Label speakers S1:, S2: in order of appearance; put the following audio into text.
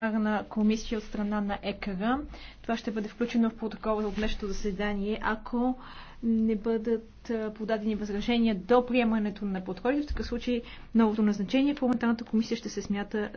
S1: парламентарна комисия от страна на ЕКР. Това ще бъде включено в протокола от днешното заседание, ако не бъдат подадени възражения до приемането на подходи. В такъв случай новото назначение в парламентарната комисия ще се смята